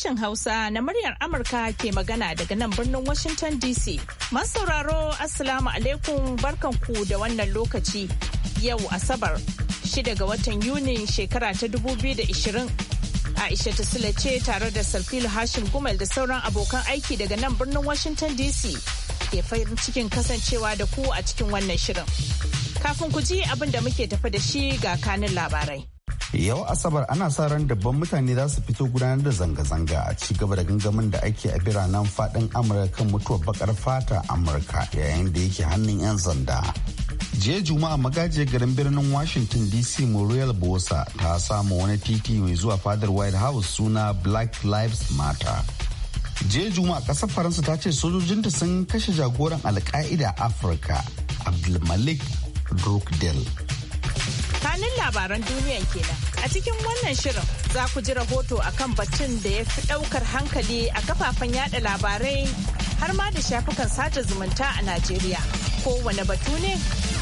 sashen Hausa na muryar Amurka ke magana daga nan birnin Washington DC. Masu sauraro Assalamu alaikum barkanku da wannan lokaci yau Asabar 6 ga watan Yuni shekara ta 2020. Aisha Tasila ce tare da Sarfilu Hashim Gumel da sauran abokan aiki daga nan birnin Washington DC ke farin cikin kasancewa da ku a cikin wannan shirin. Kafin ku ji abin da muke tafi da shi ga kanin labarai. yau asabar ana sa ran dabban mutane za su fito gudanar da zanga-zanga a ci gaba da gangamin da ake a biranen fadin amurka kan mutuwar bakar fata amurka yayin da yake hannun 'yan sanda jiya juma'a magajiyar garin birnin washington dc muriel bosa ta samu wani titi mai zuwa fadar white house suna black lives matter jiya juma'a kasar faransa ta ce sojojinta sun kashe jagoran alka'ida afirka abdulmalik drukdale tsakanin labaran duniyan kenan. A cikin wannan shirin za ku ji rahoto akan batun da ya fi ɗaukar hankali a kafafen yada labarai har ma da shafukan sada zumunta a Najeriya. Kowane batu ne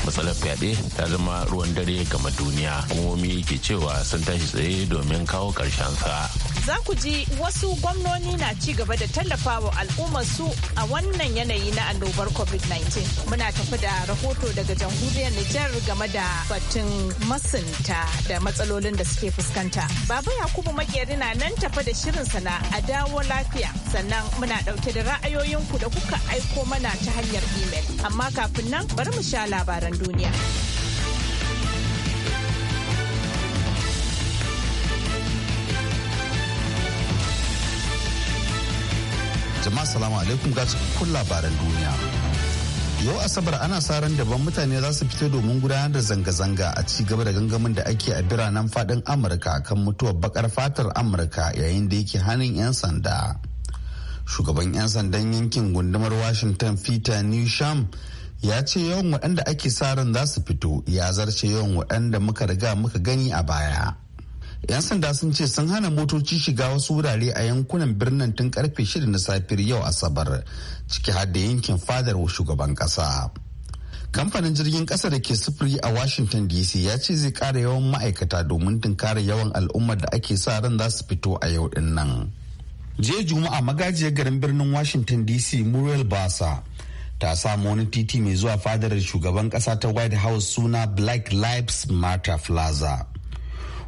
matsalar fyaɗe ta zama ruwan dare game duniya hukumomi ke cewa sun tashi tsaye domin kawo karshen sa za ku ji wasu gwamnoni na ci gaba da tallafawa al'ummar su a wannan yanayi na annobar covid-19 muna tafi da rahoto daga jamhuriyar nijar game da batun masunta da matsalolin da suke fuskanta baba yakubu makeri na nan tafi da shirin sana a dawo lafiya sannan muna ɗauke da ra'ayoyinku da kuka aiko mana ta hanyar email amma kafin nan bari mu sha labaran duniya. Jama'a salamu alaikum ga cikakkun labaran duniya. Yau Asabar ana sa ran daban mutane za su fito domin gudanar da zanga-zanga a ci gaba da gangamin da ake a biranen fadin Amurka kan mutuwar bakar fatar Amurka yayin da yake hannun 'yan sanda. Shugaban 'yan sandan yankin gundumar Washington Peter Newsham ya ce yawan waɗanda ake sa ran za su fito ya zarce yawan waɗanda muka riga muka gani a baya. 'Yan sanda sun ce sun hana motoci shiga wasu wurare a yankunan birnin tun karfe shida na safiyar yau Asabar ciki har da yankin fadar shugaban kasa. Kamfanin jirgin kasa da ke sufuri a Washington DC ya ce zai ƙara yawan ma'aikata domin tunkara yawan al'ummar da ake sa ran za su fito a yau din nan. jiya juma'a magajiyar garin birnin washington dc muriel basa ta samu wani titi mai zuwa fadar shugaban kasa ta white house suna black lives matter plaza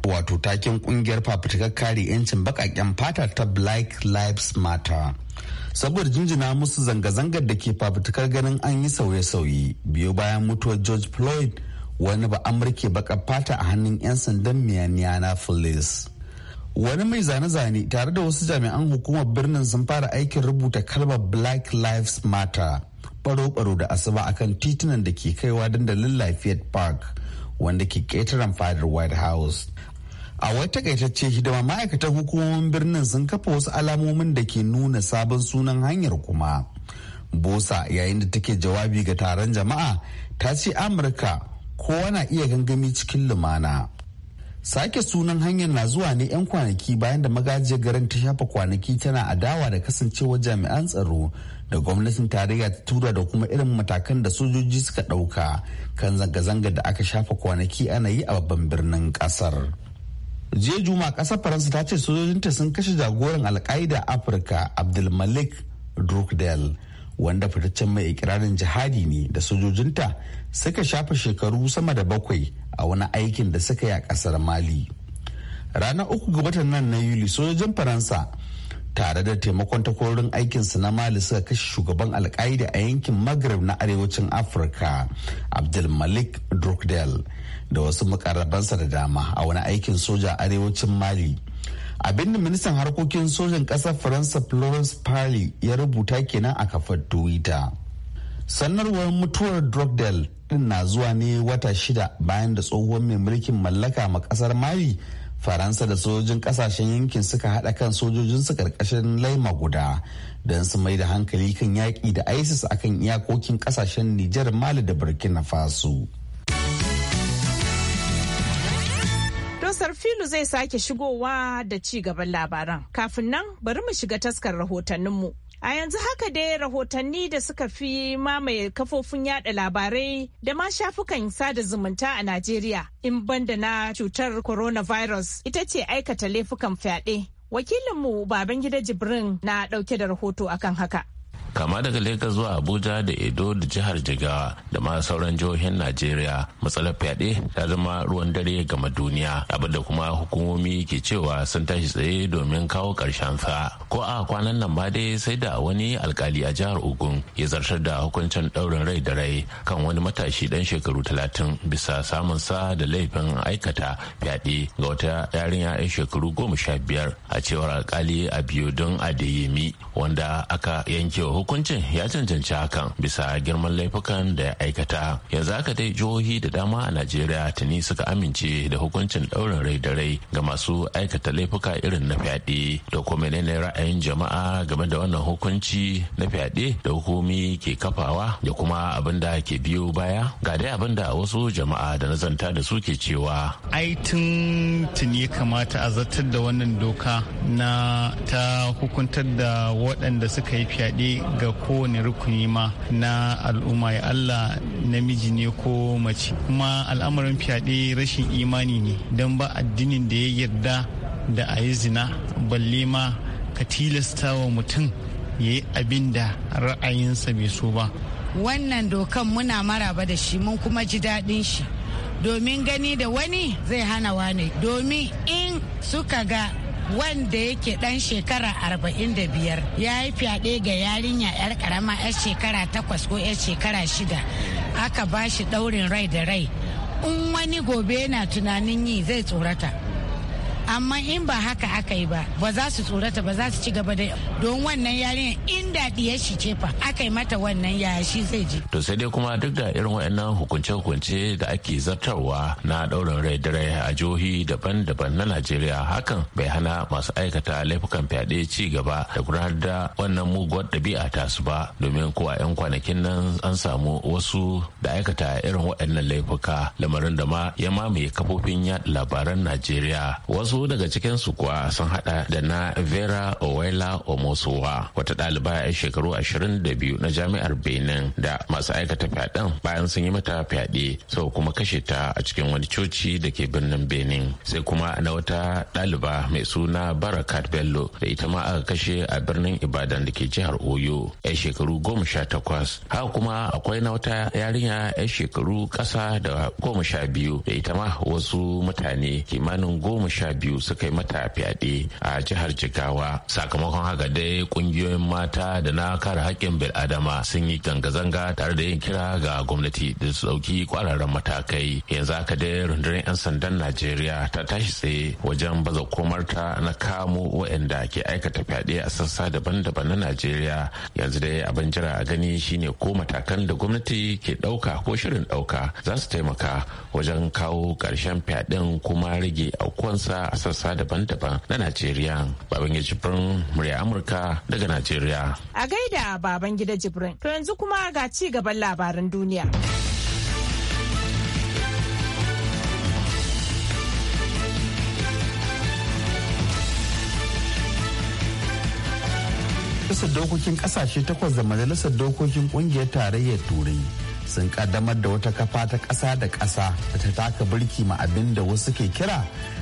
wato takin kungiyar fafutukar kare 'yancin bakaken fata ta black lives matter saboda jinjina musu zanga-zangar da ke fafutukar ganin an yi sauye-sauye biyo bayan mutuwar george floyd wani ba amurke baka fata a hannun 'yan sandan miyaniyana minneapolis wani mai zane-zane tare da wasu jami'an hukumar birnin sun fara aikin rubuta kalmar black lives matter baro-baro da asuba akan titunan da ke kaiwa dandalin Lafayette park wanda ke ƙetaren fadar white house a wata takaitacce hidima ma'aikatan hukumomin birnin sun kafa wasu alamomin da ke nuna sabon sunan hanyar kuma bosa yayin da take jawabi ga taron jama'a ta ce amurka kowa na iya gangami cikin lumana sake sunan hanyar na zuwa ne 'yan kwanaki bayan da magajiyar garin ta shafa kwanaki tana adawa da kasancewar jami'an tsaro da gwamnatin tarayya ta tura da kuma irin matakan da sojoji suka ɗauka kan zanga-zanga da aka shafa kwanaki ana yi a babban birnin ƙasar. jiya juma ƙasar faransa ta ce sojojinta sun kashe jagoran alƙa'ida afirka abdulmalik drukdel wanda fitaccen mai ikirarin jihadi ne da sojojinta suka shafa shekaru sama da bakwai a wani aikin da suka yi a ƙasar mali ranar uku ga watan nan na yuli sojojin faransa tare da taimakon takwarorin aikinsa na mali suka kashe shugaban alkaida a yankin maghreb na arewacin afirka abdulmalik drogdel da wasu makarabansa da dama a wani aikin soja arewacin mali abin da ministan harkokin sojan ƙasar faransa florence parly ya rubuta kenan a kafar twitter sanarwar mutuwar drogdel din na zuwa ne wata shida bayan da tsohuwar mai mulkin mallaka ma ƙasar mali faransa da sojojin kasashen yankin suka haɗa kan sojojinsu karkashin laima guda don su mai da hankali kan yaƙi da isis akan iyakokin kasashen nijar mali da burkina faso Dosar filu zai sake shigowa da ci gaban labaran. Kafin nan bari mu shiga taskar rahotanninmu. A yanzu haka dai rahotanni da suka fi mamaye kafofin yada labarai da ma shafukan sada zumunta a Najeriya in banda na cutar coronavirus ita ce aikata laifukan fyaɗe. Wakilinmu Babangida Jibrin na ɗauke da rahoto akan haka. kama daga Legas zuwa Abuja da Edo da jihar Jigawa da ma sauran jihohin Najeriya matsalar fyaɗe ta zama ruwan dare gama duniya abinda kuma hukumomi ke cewa sun tashi tsaye domin kawo karshen sa ko a kwanan nan ma dai sai da wani alkali a jihar Ogun ya zartar da hukuncin ɗaurin rai da rai kan wani matashi dan shekaru talatin bisa samun sa da laifin aikata fyaɗe ga wata yarinya 'yan shekaru goma sha biyar a cewar alkali a biyu don adeyemi wanda aka yanke wa hukuncin ya cancanci hakan bisa girman laifukan da ya aikata yanzu haka dai jihohi da dama a najeriya tuni suka amince da hukuncin daurin rai da rai ga masu aikata laifuka irin na fyaɗe da kuma ne ra'ayin jama'a game da wannan hukunci na fyaɗe da hukumi ke kafawa da kuma abin da ke biyo baya ga dai abin da wasu jama'a da na zanta da su ke cewa ai tun tuni kamata a zartar da wannan doka na ta hukuntar da waɗanda suka yi fyaɗe ga kowane rukuni ma na al'umma ya Allah namiji ne ko mace kuma al'amarin fyaɗe rashin imani ne don ba addinin da ya yarda da a yi zina balle ma ka tilasta wa mutum ya yi abin da ra'ayinsa bai so ba wannan dokan muna maraba da shi mun kuma ji daɗin shi domin gani da wani zai hana wane domin in suka ga wanda yake dan shekara arba'in da biyar ya yi fyaɗe ga yarinya yar karama yar shekara takwas ko yar shekara shida aka ba shi ɗaurin rai da rai in wani gobe yana tunanin yi zai tsorata amma in ba haka aka yi ba ba za su tsorata ba za su ci gaba da don wannan yarinyar inda ya shi cefa aka yi mata wannan yaya shi zai je. to sai dai kuma duk da irin waɗannan hukunce-hukunce da ake zartarwa na ɗaurin rai dare a jihohi daban-daban na najeriya hakan bai hana masu aikata laifukan fyaɗe ci gaba da gudanar da wannan muguwar ɗabi'a ta su ba domin ko a 'yan kwanakin nan an samu wasu da aikata irin waɗannan laifuka lamarin da ma ya mamaye kafofin yaɗa labaran najeriya wasu wasu daga cikinsu kuwa sun hada da na vera owela omosowa wata ɗaliba 'yan shekaru 22 na jami'ar benin da masu aikata fyaɗen bayan sun yi mata fyaɗe sau kuma kashe ta a cikin wani coci da ke birnin benin sai kuma na wata ɗaliba mai suna barakat bello da ita ma aka kashe a birnin ibadan da ke jihar oyo 'yan shekaru 18 haka kuma akwai na wata yarinya 'yan shekaru ƙasa da 12 da ita ma wasu mutane kimanin 12 biyu suka yi mata fyaɗe a jihar jigawa sakamakon haka dai kungiyoyin mata da na kare haƙƙin bil'adama sun yi zanga-zanga tare da yin kira ga gwamnati da su ɗauki kwararren matakai yanzu haka dai rundunar 'yan sandan najeriya ta tashi tsaye wajen baza komarta na kamo waɗanda ke aikata fyaɗe a sassa daban-daban na najeriya yanzu dai abin jira a gani shine ko matakan da gwamnati ke ɗauka ko shirin ɗauka za su taimaka wajen kawo ƙarshen fyaɗen kuma rage aukuwansa a sassa daban-daban na Najeriya. Babangida Jibrin murya Amurka daga Najeriya. A gaida Babangida Jibrin. To yanzu kuma ga ci gaban labaran duniya. majalisar dokokin kasashe takwas da majalisar dokokin kungiyar tarayyar turai sun kaddamar da wata kafa ta ƙasa da ƙasa da ta taka birki ma abin da wasu ke kira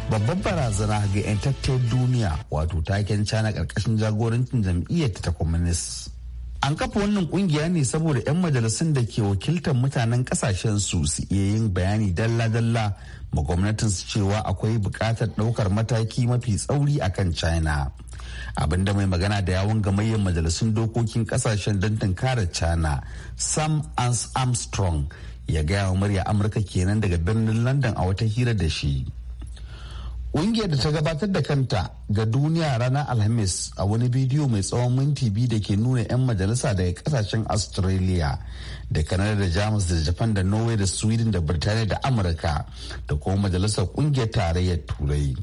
babbar barazana ga 'yan tattalin duniya wato taken cana karkashin jagorancin jam'iyyar ta communist an kafa wannan kungiya ne saboda 'yan majalisun da ke wakiltar mutanen kasashen su su iya yin bayani dalla-dalla ma gwamnatin su cewa akwai bukatar daukar mataki mafi tsauri a kan china abinda mai magana da yawon gamayyar majalisun dokokin kasashen don tunkara china sam armstrong ya gaya wa murya amurka kenan daga birnin london a wata hira da shi Ƙungiyar da ta gabatar da kanta ga duniya ranar Alhamis a wani bidiyo mai tsawon minti biyu da ke nuna 'yan majalisa daga kasashen Australia da Canada da Jamus da Japan da Norway da Sweden da Birtaniya da Amurka da kuma majalisar ƙungiyar tarayyar Turai.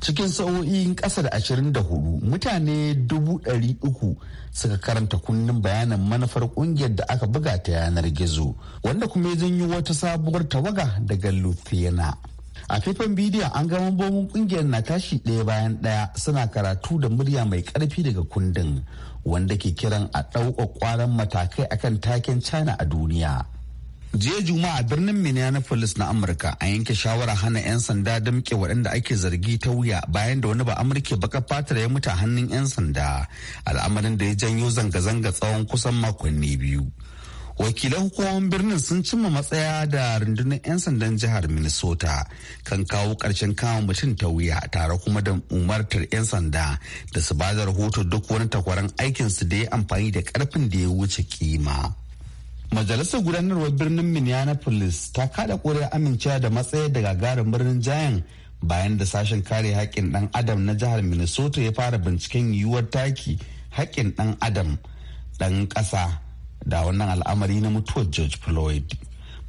Cikin sa'o'in ƙasa da ashirin da hudu mutane dubu ɗari uku suka karanta kundin bayanin manufar ƙungiyar da aka buga ta yanar gizo wanda kuma ya janyo wata sabuwar tawaga daga Lithuania. a faifan bidiyon an ga mambobin kungiyar na tashi ɗaya bayan ɗaya suna karatu da murya mai karfi daga kundin wanda ke kiran a ɗauka ƙwaran matakai akan taken china a duniya jiya juma'a birnin minneapolis na amurka a yanke shawarar hana 'yan sanda damke waɗanda ake zargi ta wuya bayan da wani ba amurke baka fatar ya mutu hannun 'yan sanda al'amarin da ya janyo zanga-zanga tsawon kusan makonni biyu wakilan hukumomin birnin sun cimma matsaya da rundunar 'yan sandan jihar minnesota kan kawo ƙarshen kama mutum ta wuya tare kuma da umartar 'yan sanda da su bada rahoto duk wani takwaran aikinsu da ya amfani da karfin da ya wuce kima majalisar gudanarwar birnin minneapolis ta kada ƙuri'ar amincewa da matsaya da gagarin birnin jayan bayan da sashen kare haƙƙin ɗan adam na jihar minnesota ya fara binciken yiwuwar taki haƙƙin ɗan adam ɗan ƙasa da wannan al'amari na mutuwar george floyd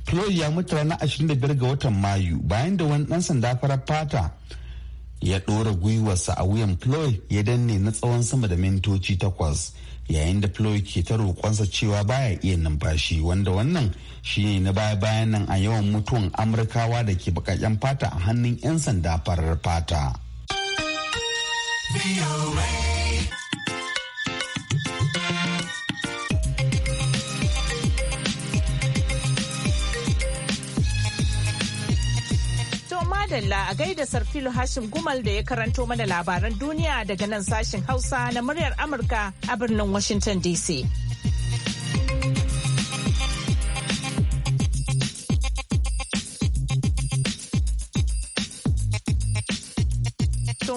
floyd ya mutu ranar 25 ga watan mayu bayan da wani ɗan sanda farar fata ya ɗora gwiwarsa a wuyan floyd ya danne na tsawon sama da mintoci takwas yayin da floyd ke ta roƙonsa cewa baya iya numfashi wanda wannan shine na baya bayan nan a yawan mutuwan amurkawa da ke bakaƙen fata a hannun 'yan sanda farar fata. madalla a gaida sarfilu hashim gumal da ya karanto mana labaran duniya daga nan sashen hausa na muryar amurka a birnin washington dc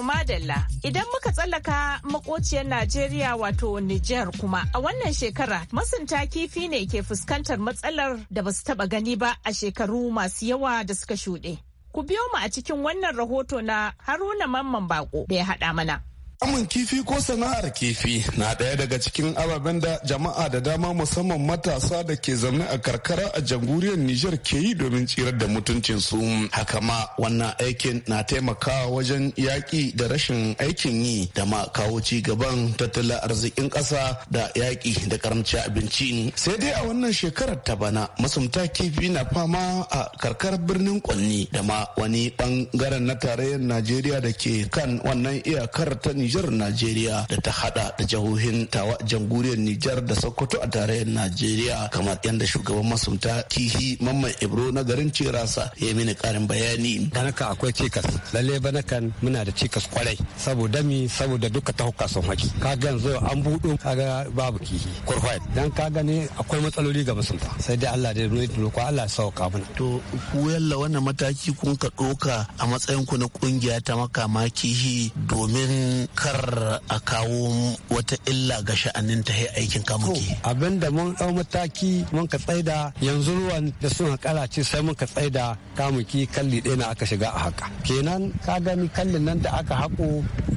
madalla idan muka tsallaka makociyar najeriya wato niger kuma a wannan shekara masunta kifi ne ke fuskantar matsalar da ba su taba gani ba a shekaru masu yawa da suka shuɗe Ku biyo mu a cikin wannan rahoto na Haruna Mamman Bako da ya haɗa mana. Kamun kifi ko sana'ar kifi na ɗaya daga cikin ababen da jama'a da dama musamman matasa da ke zaune a karkara a jamhuriyar Nijar ke yi domin tsirar da mutuncinsu. Haka ma wannan aikin na taimakawa wajen yaƙi da rashin aikin yi da ma kawo ci gaban tattalin arzikin ƙasa da yaƙi da karamci abinci. ne. Sai dai a wannan shekarar ta bana masumta kifi na fama a karkar birnin Kwanni da ma wani ɓangaren na tarayyar Najeriya da ke kan wannan iyakar ta Nijar. Nijar Najeriya da ta hada da jihohin tawa jamhuriyar Nijar da Sokoto a tarayyar Najeriya kamar yadda shugaban masunta Tihi Mamman Ibro na garin Cirasa ya mini karin bayani. Danaka akwai cikas lalle banakan muna da cikas kwarai saboda mi saboda duka ta hukka sun haki kaga yanzu an buɗo kaga babu kihi kurfai dan ka ne akwai matsaloli ga masunta sai dai Allah dai nuna roƙo Allah ya sauka mana. To ku yalla wannan mataki kun ka ɗoka a matsayin ku na kungiya ta makama kihi domin kar a kawo wata illa ga sha'anin ta aikin kamuki. abin da mun ɗau mataki mun ka tsaida yanzu ruwan da sun karace sai mun ka tsaida kamuki kalli ɗaya na aka shiga a haka kenan ka gani kallin nan da aka haƙo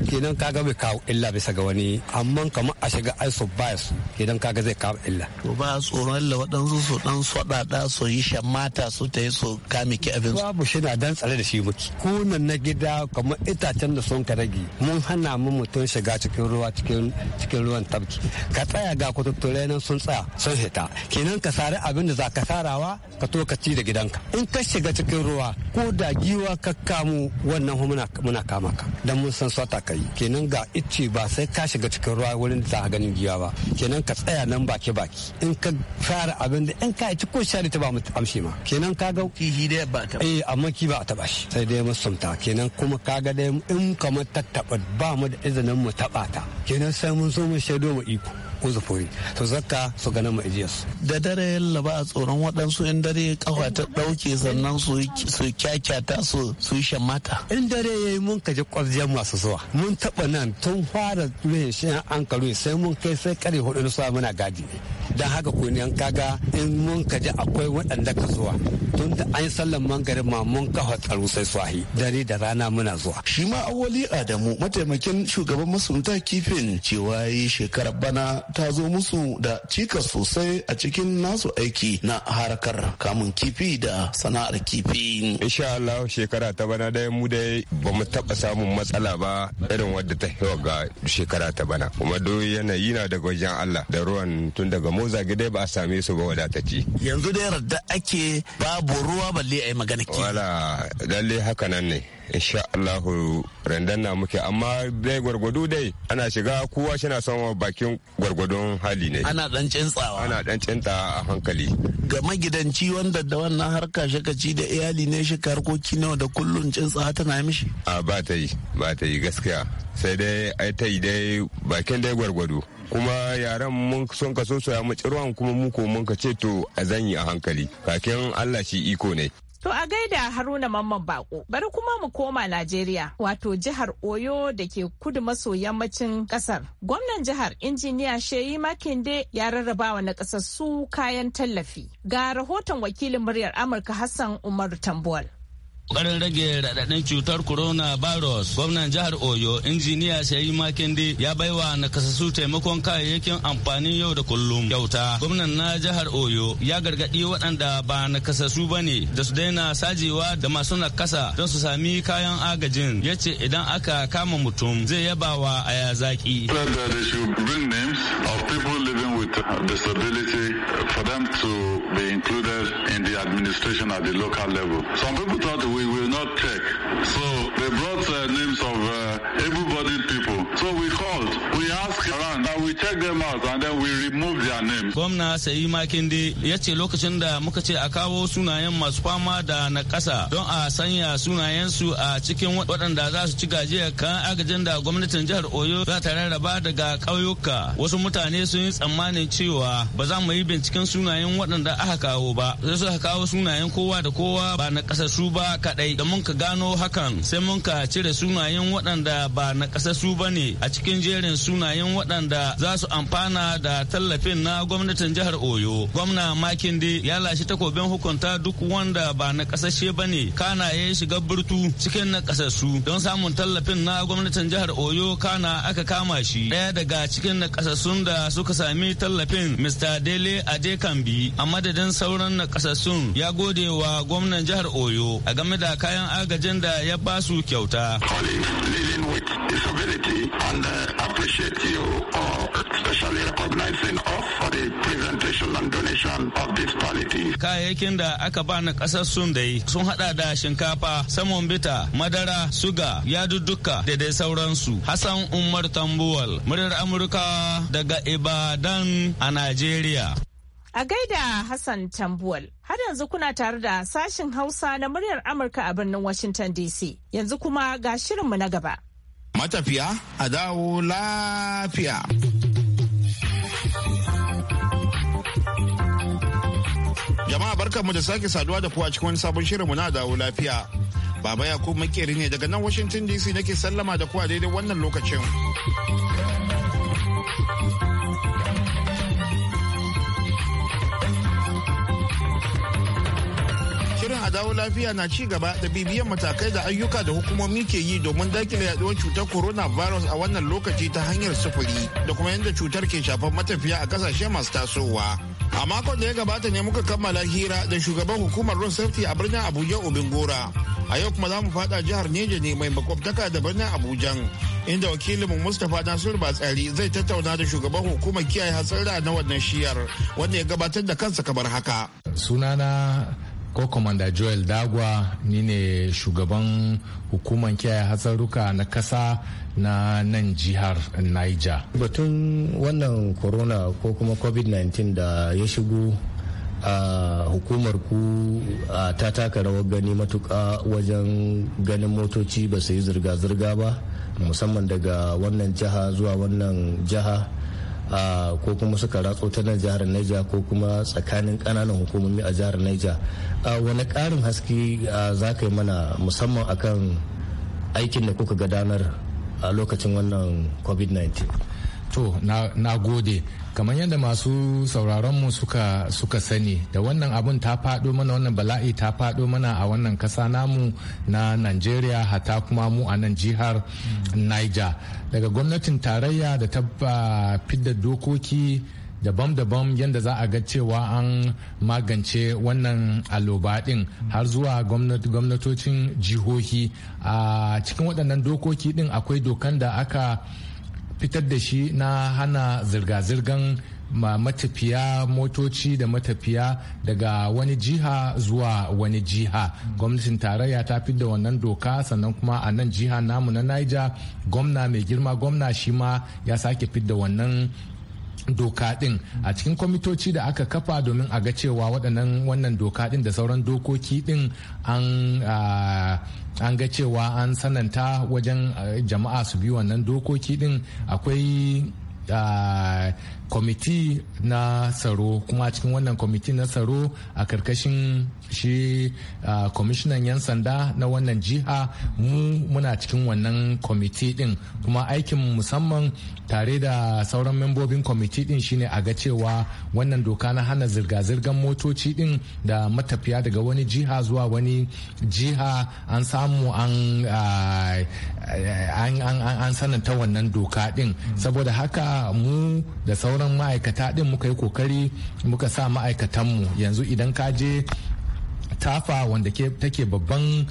kenan kaga bai kawo illa bisa ga wani amma kamar a shiga aiso bias kenan kaga zai kawo illa to ba tsoron illa waɗansu su dan swadada su yi shamata su ta yi su kame ki abin babu shi na dan tsare da shi muke kunan na gida kamar itacen da sun ka rage mun hana mu mutum shiga cikin ruwa cikin cikin ruwan tabki ka tsaya ga kututture nan sun tsaya sun hita kenan ka sare abin da za ka sarawa ka to ka ci da gidanka in ka shiga cikin ruwa ko da giwa ka kamu wannan muna kama ka dan mun san sota kai yi kenan ga icce ba sai ka shiga cikin ruwa wurin da za ka ganin giya ba kenan ka tsaya nan baki baki in ka fara abin da in ka ci ko shari ta ba mu amshi ma kenan ka ga kihi dai ba ta eh amma ki ba ta ba shi sai dai musumta kenan kuma ka ga dai in kamar tattaba ba mu da izinin mu taba ta kenan sai mun zo mu shaido mu iko uzufuri su zakka su ganin mu su. da dare laba a tsoron waɗansu in dare kafa ta ɗauke sannan su kyakyata su su yi shamata. in dare ya yi mun kaji ƙwarjiyar masu zuwa mun taɓa nan tun fara ruhin shi an sai mun kai sai kare hudu na suwa muna gadi don haka ko ne kaga in mun kaji akwai waɗanda ka zuwa tun da an yi sallan mangarin ma mun kafa tsaro sai swahi dare da rana muna zuwa. shi ma awali adamu mataimakin shugaban masunta kifin cewa yi shekarar bana ta zo musu da cikas sosai a cikin nasu aiki na harkar kamun kifi da sana'ar kifi. Insha Allah shekara ta bana dai mu dai ba mu taɓa samun matsala ba irin wadda ta yi ga shekara ta bana. Kuma do yanayi na daga wajen Allah da ruwan tun daga moza gida ba a same su ba wadatacci. Yanzu dai radda ake babu ruwa balle a yi magana kifi. Wala lalle haka nan ne. insha Allah randan na muke amma dai gwargwado dai ana shiga kowa shi na son bakin gwargwadon hali ne ana dan tsawa ana dan tsinta a hankali ga magidanci wanda da wannan harka shakaci da iyali ne shi harkoki nawa da kullun tsintsawa tana mishi a ba ta yi ba ta yi gaskiya sai dai ai ta yi dai bakin dai gwargwado kuma yaran mun son kaso soya ya mu ruwan kuma mu ko mun ka ce to a zanyi a hankali kakin Allah shi iko ne To a gaida Haruna Mamman Bako, bari kuma mu koma Najeriya, wato jihar Oyo da ke kudu maso yammacin kasar. Gwamnan jihar injiniya Sheyi Makinde ya rarrabawa na kasar su kayan tallafi. Ga rahoton wakilin muryar Amurka Hassan umaru Tambuwal. kokarin rage raɗaɗin cutar corona virus gwamnan jihar oyo injiniya sayi makinde ya baiwa nakasassu taimakon kayayyakin amfanin yau da kullum kyauta gwamnan na jihar oyo ya gargaɗi waɗanda ba nakasassu ba ne da su daina sajewa da masu nakasa don su sami kayan agajin ya ce idan aka kama mutum zai yaba wa ya zaki. administration at the local level. Some people thought we will not check. So they brought uh, names of uh, able-bodied people. So we call gwamna sayi makinde ya ce lokacin da muka ce a kawo sunayen masu fama da na ƙasa don a sanya sunayensu a cikin waɗanda za su ci gajiyar kan agajin da gwamnatin jihar oyo za ta rarraba daga ƙauyuka wasu mutane sun yi tsammanin cewa ba za mu yi binciken sunayen waɗanda aka kawo ba sai suka kawo sunayen kowa da kowa ba na su ba kaɗai da mun ka gano hakan sai mun ka cire sunayen waɗanda ba na su ba ne a cikin jerin sunayen waɗanda za su amfana da tallafin na gwamnati gwamnatin jihar Oyo gwamna Makinde ya lashe takobin hukunta duk wanda ba na kasashe ba ne kana ya shiga burtu cikin na kasassu don samun tallafin na gwamnatin jihar Oyo kana aka kama shi daya daga cikin na kasassun da suka sami tallafin Mr. Dele Adekambi a madadin sauran na kasassun ya gode wa gwamnan jihar Oyo a game da kayan agajin da ya ba su kyauta. And uh, appreciate you, uh, especially recognizing us for the presentation and donation of this Kayayyakin da aka ba na ƙasar sun dai sun hada da shinkafa, saman bita, madara, suga, yadudduka da dai sauransu. Hassan Umar Tambuwal, muryar Amurka daga Ibadan a Najeriya. A gaida Hassan Tambuwal, har yanzu kuna tare da sashin Hausa na muryar Amurka a birnin Washington DC. Yanzu kuma ga shirinmu na gaba. Matafiya a dawo lafiya. barka mu da sake saduwa da ku a cikin wani sabon shirinmu na dawo lafiya. Baba ya Yakub makeri ne daga nan Washington DC nake sallama da ku a daidai wannan lokacin. Shirin a dawo lafiya na ci gaba da bibiyan matakai da ayyuka da hukumomi ke yi domin dakile yaduwar cutar corona virus a wannan lokaci ta hanyar sufuri da kuma yadda cutar ke shafar matafiya a kasashe masu tasowa. a makon da ya gabata ne muka kammala hira da shugaban hukumar road safety a birnin abuja obin gora a yau kuma za mu fada jihar neja ne mai makwabtaka da birnin abuja inda wakilinmu mustapha nasir batsari zai tattauna da shugaban hukumar kiyaye hatsara na wannan shiyar wanda ya gabatar da kansa kamar haka sunana ko komanda joel dagwa ni ne shugaban hukumar kiyaye hatsaruka na kasa na nan jihar niger batun wannan corona ko kuma covid-19 da ya shigo a hukumar ku ta taka rawar gani matuka wajen ganin motoci ba su yi zirga-zirga ba musamman daga wannan jiha zuwa wannan jiha uh, ko kuma suka ratso ta nan jihar Niger ko kuma tsakanin kananan hukumomi a jihar Niger wani ƙarin haske za ka yi mana musamman akan aikin da kuka gadanar a lokacin wannan covid-19 to na gode kamar yadda masu sauraronmu suka suka sani da wannan abun ta faɗo mana wannan bala'i ta faɗo mana a wannan ƙasa namu na nigeria hata kuma mu a nan jihar mm. niger daga gwamnatin tarayya da ta fidda dokoki daban-daban yadda za a ga cewa an magance wannan alloba din har zuwa gwamnatocin jihohi a cikin waɗannan dokoki din akwai dokan da aka fitar da shi na hana zirga-zirgan matafiya motoci da matafiya daga wani jiha zuwa wani jiha gwamnatin tarayya ta fi da wannan doka sannan kuma a nan jiha namu na niger gwamna mai girma gwamna shi ma ya sake da wannan doka din a cikin kwamitoci da aka kafa domin a ga cewa waɗannan wannan doka din da sauran dokoki din an an ga cewa an sananta wajen jama'a su bi wannan dokoki din akwai kwamiti na tsaro kuma a cikin wannan kwamiti na tsaro a karkashin shi kwamishinan 'yan sanda na wannan jiha mu muna cikin wannan kwamiti din kuma aikin musamman tare da sauran membobin kwamiti din shine a ga cewa wannan doka na hana zirga zirgan motoci din da matafiya daga wani jiha zuwa wani jiha an samu an an sananta wannan doka din saboda haka mu da sauran ma'aikata din muka yi kokari muka sa ma'aikatanmu yanzu idan ka je tafa wanda take babban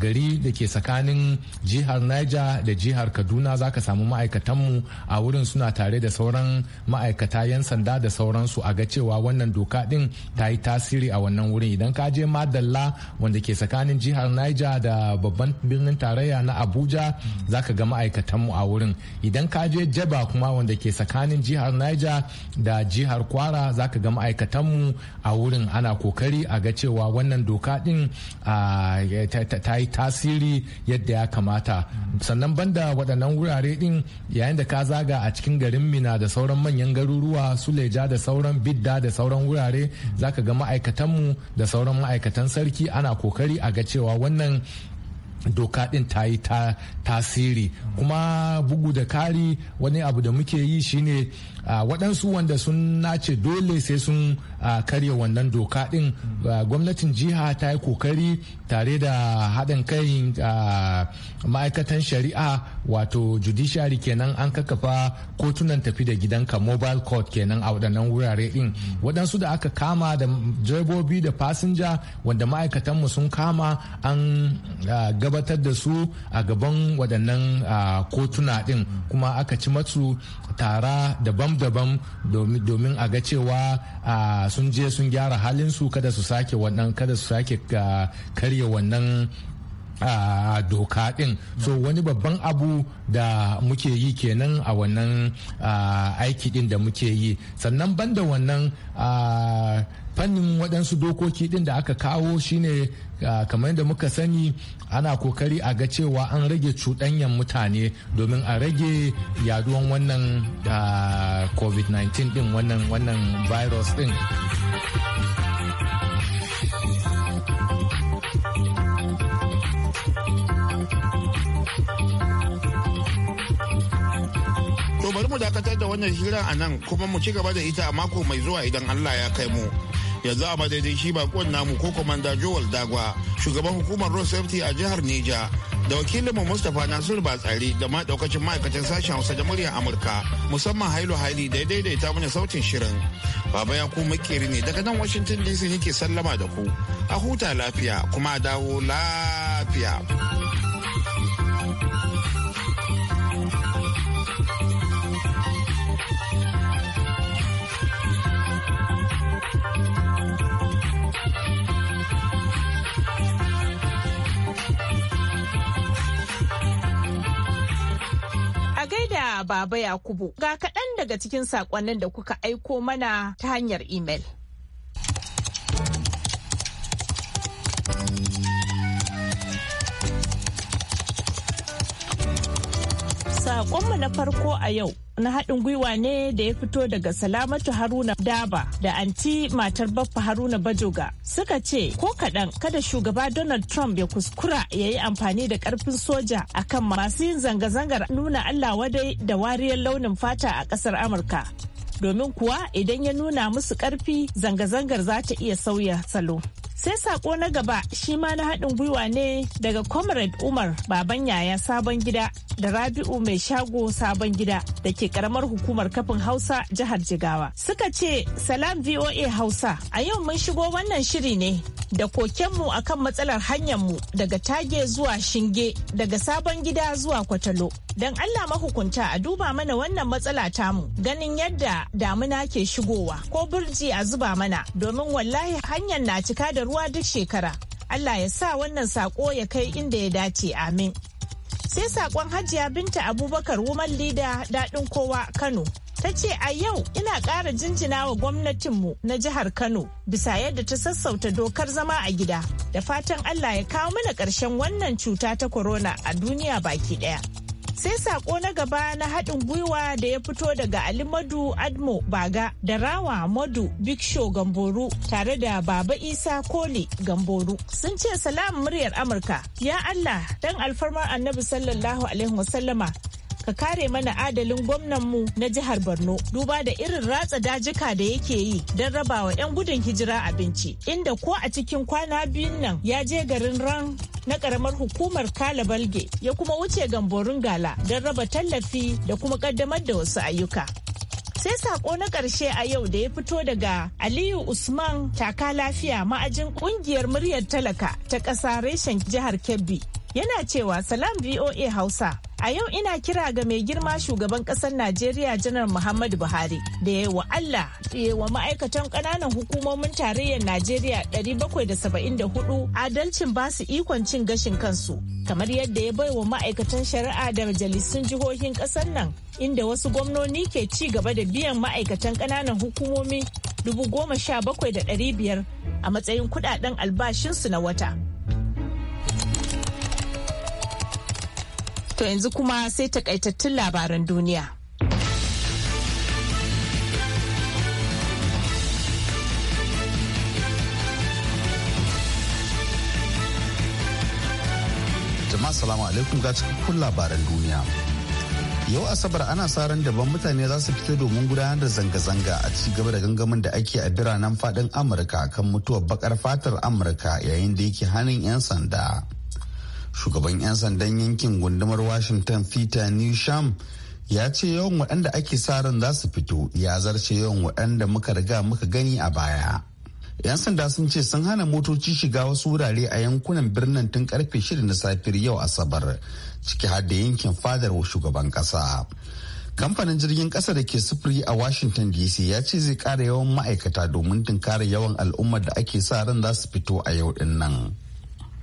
gari da ke tsakanin jihar niger da jihar kaduna za ka samu ma'aikatanmu a wurin suna tare da sauran ma'aikata 'yan sanda da sauransu a ga cewa wannan doka din ta yi tasiri a wannan wurin idan ka je madalla wanda ke tsakanin jihar niger da babban birnin tarayya na abuja za ka ga ma'aikatanmu a wurin idan ka je jaba kuma wanda ke tsakanin jihar niger da jihar kwara za ka ga ma'aikatanmu a wurin ana kokari a ga cewa wannan wannan doka din ta yi tasiri yadda ya kamata sannan banda waɗannan wurare din yayin da ka zaga a cikin garin mina da sauran manyan garuruwa su leja da sauran bidda da sauran wurare zaka ga ma'aikatanmu da sauran ma'aikatan sarki ana kokari a ga cewa wannan doka din ta yi ta tasiri kuma bugu da kari wani abu da muke yi shine uh, waɗansu wanda sun nace dole sai sun uh, karya wannan doka din gwamnatin jiha ta yi kokari tare da haɗin kai uh, ma'aikatan shari'a wato judiciary kenan an kakafa kotunan tafi da gidanka mobile court kenan a waɗannan wurare din waɗansu da aka kama da direbobi da fasinja wanda ma'aikatanmu sun kama an uh, gabatar da su a gaban waɗannan kotuna ɗin kuma aka ci matsu tara daban-daban domin a ga cewa sun je sun gyara halin su kada su sake wannan kada su sake karya wannan doka din so wani babban abu da muke yi kenan a wannan aiki din da muke yi sannan banda wannan fannin waɗansu dokoki din da aka kawo shine kamar da muka sani ana kokari a ga cewa an rage cuɗanyan mutane domin a rage yaduwan wannan covid-19 din wannan virus din. dakatar da wannan hira a nan kuma mu ci gaba da ita a mako mai zuwa idan Allah ya kai mu. Yanzu a madadin shi bakon namu ko komanda Joel Dagwa, shugaban hukumar Road Safety a jihar Neja, da wakilin mu Mustapha Nasir Batsari da ma daukacin ma'aikacin sashen Hausa da muryar Amurka, musamman Hailu Haili da ya daidaita mana sautin shirin. Baba ya kuma makeri ne daga nan Washington DC yake sallama da ku. A huta lafiya kuma a dawo lafiya. Baba Yakubu. Ga kaɗan daga cikin saƙonnin da kuka aiko mana ta hanyar imel. Sakonmu na farko a yau na haɗin gwiwa ne da ya fito daga salamatu haruna daba da anti matar baffa haruna bajoga suka ce ko kaɗan kada shugaba donald trump ya kuskura ya yi amfani da ƙarfin soja akan masu yin zanga-zangar nuna allah wadai da wariyar launin fata a ƙasar amurka domin kuwa idan ya nuna musu ƙarfi zanga-zangar za ta iya sauya salo sai sako na gaba shi ma na haɗin gwiwa ne daga comrade umar baban yaya sabon gida da rabi'u mai shago sabon gida da ke karamar hukumar kafin hausa jihar jigawa suka ce salam voa hausa a yau mun shigo wannan shiri ne da kokenmu akan matsalar hanyarmu daga tage zuwa shinge daga sabon gida zuwa kwatalo don allah mahukunta a duba mana wannan matsala tamu ganin yadda damuna ke shigowa ko burji a zuba mana domin wallahi hanyar na cika da faruwa duk shekara. Allah ya sa wannan sako ya kai inda ya dace amin. Sai saƙon hajiya binta Abubakar Woman Lida daɗin kowa Kano. ta ce a yau ina ƙara jinjina wa gwamnatinmu na jihar kano bisa yadda ta sassauta dokar zama a gida da fatan allah ya kawo mana ƙarshen wannan cuta ta corona a duniya baki ɗaya sai sako na gaba na haɗin gwiwa da ya fito daga Ali Madu, admo baga da rawa madu big show gamboru tare da baba isa Kole gamboru sun ce salam muryar amurka ya allah Don alfarmar annabi sallallahu alaihi wasallama ka kare mana adalin gwamnan mu na jihar Borno duba da irin ratsa dajika da yake yi don rabawa 'yan gudun hijira abinci inda ko a cikin kwana biyun nan ya je garin ran na karamar hukumar kala balge ya kuma wuce gamborin gala don raba tallafi da kuma kaddamar da wasu ayyuka sai sako na karshe a yau da ya fito daga aliyu usman taka lafiya ma'ajin kungiyar muryar talaka ta kasa reshen jihar kebbi yana cewa salam voa hausa A yau ina kira ga mai girma shugaban ƙasar Najeriya Janar Muhammadu Buhari da ya wa Allah ya wa ma'aikatan ƙananan hukumomin tarayyar Najeriya 774 adalcin ba su ikon cin gashin kansu. Kamar yadda ya bai wa ma'aikatan shari'a da majalisun jihohin ƙasar nan inda wasu gwamnoni ke ci gaba da biyan ma'aikatan ƙananan hukumomi 17,500 a matsayin kudaden albashinsu na wata. To yanzu kuma sai takaitattun labaran duniya. Jama'a salamu alaikum ga cikakkun labaran duniya. Yau Asabar ana sa ran daban mutane za su fito domin gudanar da zanga-zanga a ci gaba da gangamin da ake a biranen fadin Amurka kan mutuwar bakar fatar Amurka yayin da yake hannun 'yan sanda. shugaban 'yan sandan yankin gundumar washington peter newsham ya ce yawan waɗanda ake sa ran za su fito ya zarce yawan waɗanda muka riga muka gani a baya 'yan sanda sun ce sun hana motoci shiga wasu wurare a yankunan birnin tun karfe shida na safiyar yau asabar ciki har da yankin fadar shugaban kasa kamfanin jirgin kasa da ke sufuri a washington dc ya ce zai kara yawan ma'aikata domin tunkara yawan al'ummar da ake sa ran za su fito a yau din nan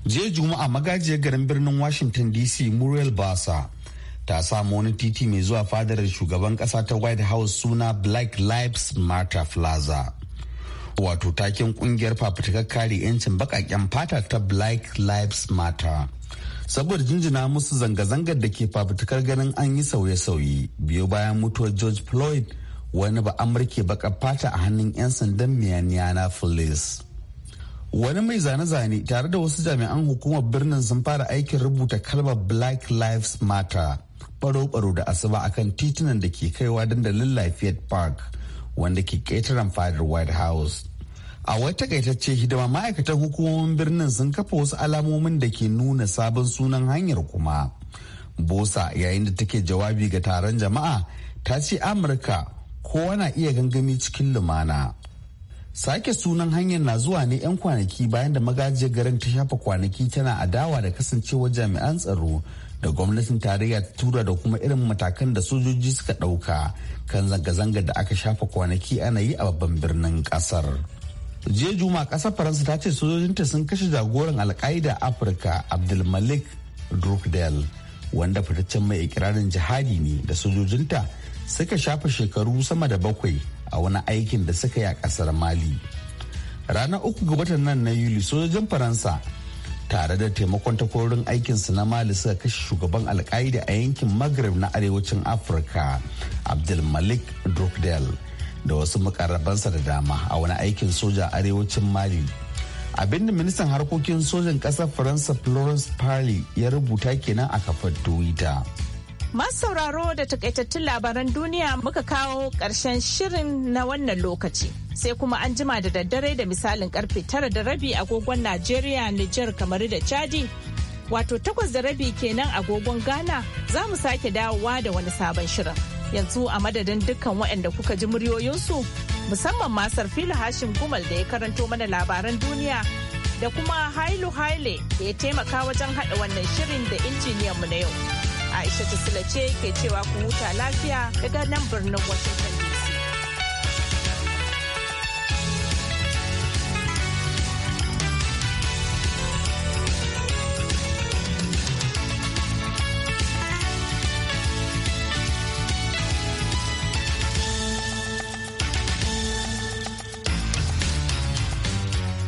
jiya juma'a magajiyar garin birnin washington dc muriel basa ta samu wani titi mai zuwa fadar shugaban kasa ta white house suna black lives matter plaza wato takin kungiyar fafutukar kare 'yancin bakaken fata ta black lives matter saboda jinjina musu zanga-zangar da ke fafutukar ganin an yi sauye-sauye biyu bayan mutuwar george floyd wani ba amurke baka fata a hannun 'yan sandan na police wani mai zane-zane tare da wasu jami'an hukumar birnin sun fara aikin rubuta kalmar black lives matter baro-baro da asuba akan titunan da ke kaiwa dandalin lafiyar park wanda ke ƙetaren fadar white house a wata takaitacce hidima ma'aikatan hukumomin birnin sun kafa wasu alamomin da ke nuna sabon sunan hanyar kuma bosa yayin da take jawabi ga taron jama'a ta ce amurka kowa na iya gangami cikin lumana Sake sunan hanyar na zuwa ne 'yan kwanaki bayan da magajiyar garin ta shafa kwanaki tana adawa da kasancewar jami'an tsaro da gwamnatin tarayya ta tura da kuma irin matakan da sojoji suka ɗauka kan zanga-zanga da aka shafa kwanaki ana yi a babban birnin ƙasar. jiya juma ƙasar faransa ta ce sojojinta sun kashe jagoran alkaida afirka abdulmalik drukdel wanda fitaccen mai ikirarin jihadi ne da sojojinta suka shafa shekaru sama da bakwai a wani aikin da suka yi a kasar mali ranar uku ga watan nan na yuli sojojin faransa tare da taimakon takwarorin su na mali suka kashe shugaban alkaida a yankin maghreb na arewacin afirka abdulmalik drukdel da wasu makarabansa da dama a wani aikin soja arewacin mali abin da ministan harkokin sojan ƙasar faransa florence parly ya rubuta kenan a kafar twitter Masu sauraro da takaitattun labaran duniya muka kawo ƙarshen shirin na wannan lokaci. Sai kuma an jima da daddare da misalin karfe tara da rabi agogon Najeriya, Nijar, kamar da Chadi. Wato takwas da rabi kenan agogon Ghana za mu sake dawowa da wani sabon shirin. Yanzu a madadin dukkan waɗanda kuka ji muryoyinsu musamman masar fili hashim gumal da ya karanto mana labaran duniya da kuma hailu haile da ya taimaka wajen haɗa wannan shirin da injiniyanmu na yau. Aisha ta ce ke cewa ku huta lafiya daga nan birnin Washington.